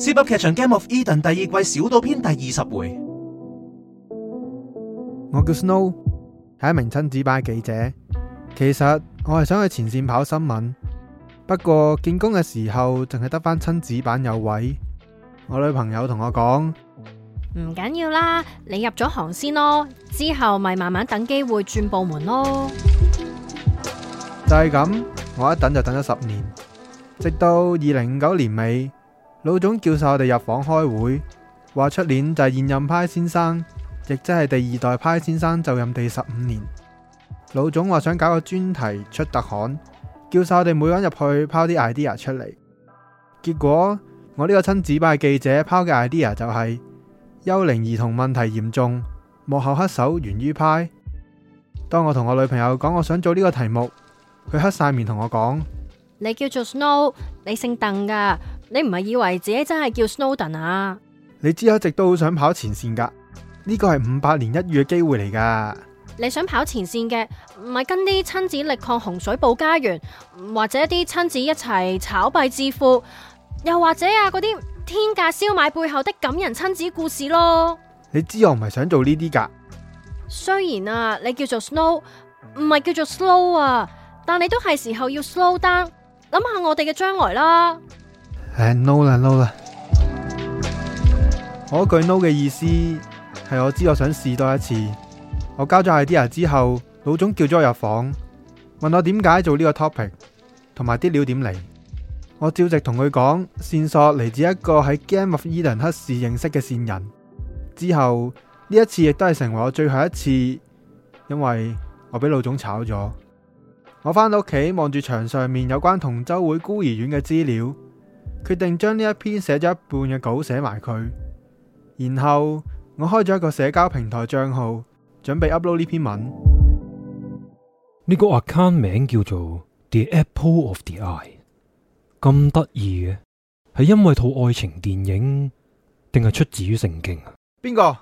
Zip 噏劇場 Game of Eden》第二季小島篇第二十回，我叫 Snow，係一名親子版記者。其實我係想去前線跑新聞，不過見工嘅時候淨係得返親子版有位。我女朋友同我講：唔緊要啦，你入咗行先咯，之後咪慢慢等機會轉部門咯。就係咁，我一等就等咗十年，直到二零五九年尾。老總叫晒我哋入房開會，話出年就係現任 Pi 先生，亦即係第二代 Pi 先生就任第十五年。老總話想搞個專題出特刊，叫晒我哋每個人入去拋啲 idea 出嚟。結果我呢個親子版記者拋嘅 idea 就係、是、幽靈兒童問題嚴重，幕後黑手源於 Pi。當我同我女朋友講我想做呢個題目，佢黑晒面同我講：你叫做 Snow，你姓鄧㗎。你唔係以為自己真係叫 Snowden 啊？你知我一直都好想跑前線噶，呢個係五百年一遇嘅機會嚟噶。你想跑前線嘅，唔係跟啲親子力抗洪水保家園，或者啲親子一齊炒幣致富，又或者啊嗰啲天價燒賣背後的感人親子故事咯？你知我唔係想做呢啲噶。雖然啊，你叫做 Snow 唔係叫做 Slow 啊，但你都係時候要 Slow down，諗下我哋嘅將來啦。係 no 啦，no 啦，no。嗰句 no 嘅意思係我知，我想試多一次。我交咗 idea 之後，老總叫咗我入房，問我點解做呢個 topic，同埋啲料點嚟。我照直同佢講，線索嚟自一個喺 Game of Eden 黑市認識嘅線人。之後呢一次亦都係成為我最後一次，因為我俾老總炒咗。我返到屋企，望住牆上面有關同舟會孤兒院嘅資料。決定將呢一篇寫咗一半嘅稿寫埋佢，然後我開咗一個社交平台賬號，準備 upload 呢篇文。呢個 account 名叫做 The Apple of the Eye，咁得意嘅係因為套愛情電影定係出自於聖經啊？邊個？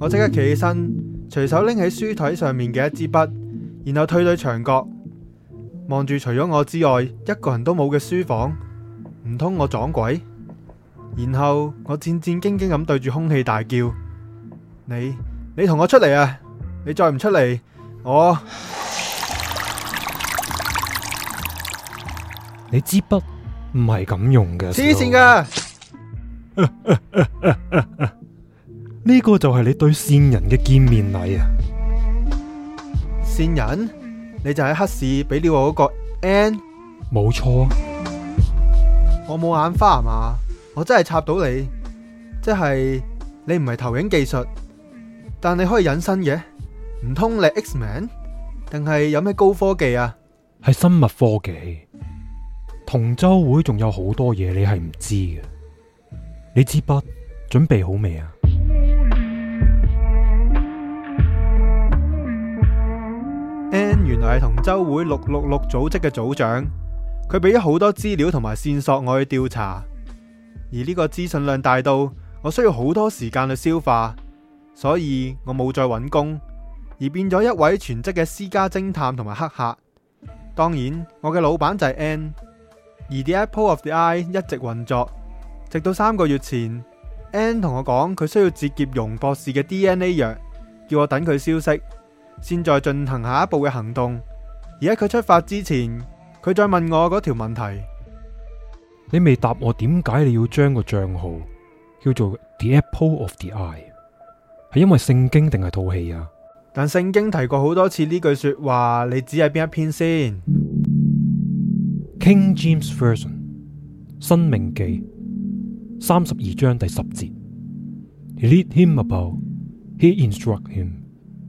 我即刻企起身，隨手拎起書枱上面嘅一支筆，然後退到牆角。望住除咗我之外一個人都冇嘅書房，唔通我撞鬼？然後我戰戰兢兢咁對住空氣大叫：你你同我出嚟啊！你再唔出嚟，我你支筆唔係咁用嘅，黐線噶！呢個就係你對線人嘅見面禮啊！線人？你就喺黑市俾料我嗰個 N，冇錯。我冇眼花係嘛？我真係插到你，即係你唔係投影技術，但你可以隱身嘅。唔通你 X-Men？定係有咩高科技啊？係生物科技。同舟會仲有好多嘢你係唔知嘅，你支筆準備好未啊？原來係同舟會六六六組織嘅組長，佢俾咗好多資料同埋線索我去調查，而呢個資訊量大到我需要好多時間去消化，所以我冇再揾工，而變咗一位全職嘅私家偵探同埋黑客。當然，我嘅老闆就係 N，而 The Apple of the Eye 一直運作，直到三個月前，N 同我講佢需要截劫容博士嘅 DNA 藥，叫我等佢消息。先再進行下一步嘅行動，而喺佢出發之前，佢再問我嗰條問題。你未答我，點解你要將個賬號叫做 The Apple of the Eye？係因為聖經定係套戲啊？但聖經提過好多次呢句說話，你指係邊一篇先？King James Version《申命記》三十二章第十節，He lead him about, he instruct him。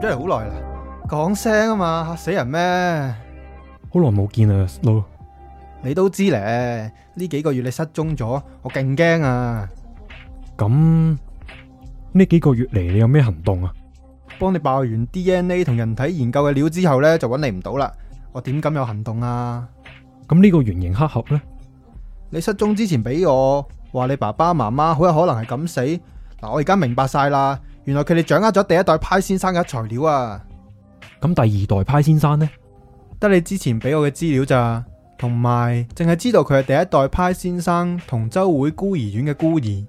真係好耐啦，講聲啊嘛，嚇死人咩？好耐冇見啊，老，你都知咧。呢幾個月你失蹤咗，我勁驚啊。咁呢幾個月嚟，你有咩行動啊？幫你爆完 DNA 同人體研究嘅料之後呢，就揾你唔到啦。我點敢有行動啊？咁呢個圓形黑盒呢？你失蹤之前俾我，話你爸爸媽媽好有可能係咁死嗱，我而家明白晒啦。原來佢哋掌握咗第一代派先生嘅材料啊！咁第二代派先生呢？得你之前俾我嘅資料咋，同埋淨係知道佢係第一代派先生同舟會孤兒院嘅孤兒。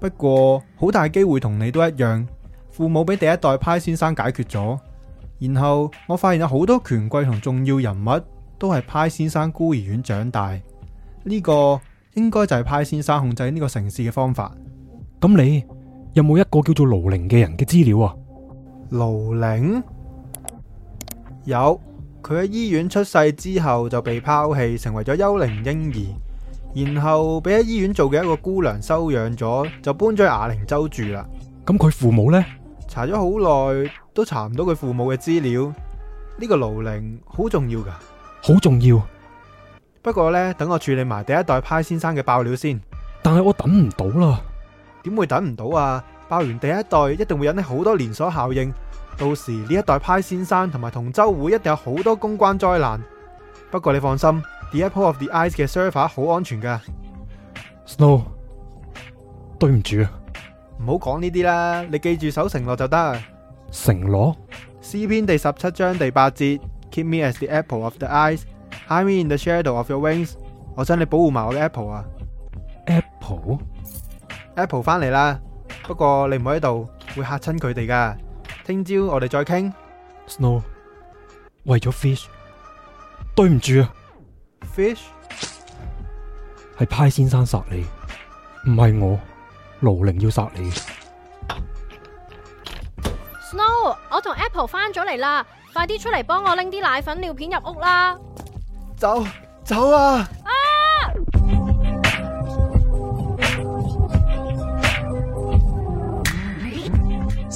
不過好大機會同你都一樣，父母俾第一代派先生解決咗。然後我發現有好多權貴同重要人物都係派先生孤兒院長大。呢個應該就係派先生控制呢個城市嘅方法。咁你？有冇一個叫做盧零嘅人嘅資料啊？盧零？有，佢喺醫院出世之後就被拋棄，成為咗幽靈嬰兒，然後俾喺醫院做嘅一個姑娘收養咗，就搬咗去啞鈴洲住啦。咁佢父母呢？查咗好耐都查唔到佢父母嘅資料。呢個盧零好重要噶？好重要。不過呢，等我處理埋第一代派先生嘅爆料先。但係我等唔到啦。點會等唔到啊！爆完第一代，一定會引起好多連鎖效應。到時呢一代 Pi 先生同埋同舟會一定有好多公關災難。不過你放心，The apple of the eye 嘅 server 好安全噶。Snow，對唔住，唔好講呢啲啦，你記住守承諾就得。承諾？詩篇第十七章第八節，Keep me as the apple of the eye，Hide me in the shadow of your wings。我想你保護埋我嘅 Apple 啊！Apple？Apple 翻嚟啦，不過你唔好喺度，會嚇親佢哋噶。聽朝我哋再傾。Snow，為咗 Fish，對唔住啊。Fish，係 Pi 先生殺你，唔係我，盧零要殺你。Snow，我同 Apple 翻咗嚟啦，快啲出嚟幫我拎啲奶粉、尿片入屋啦。走，走啊！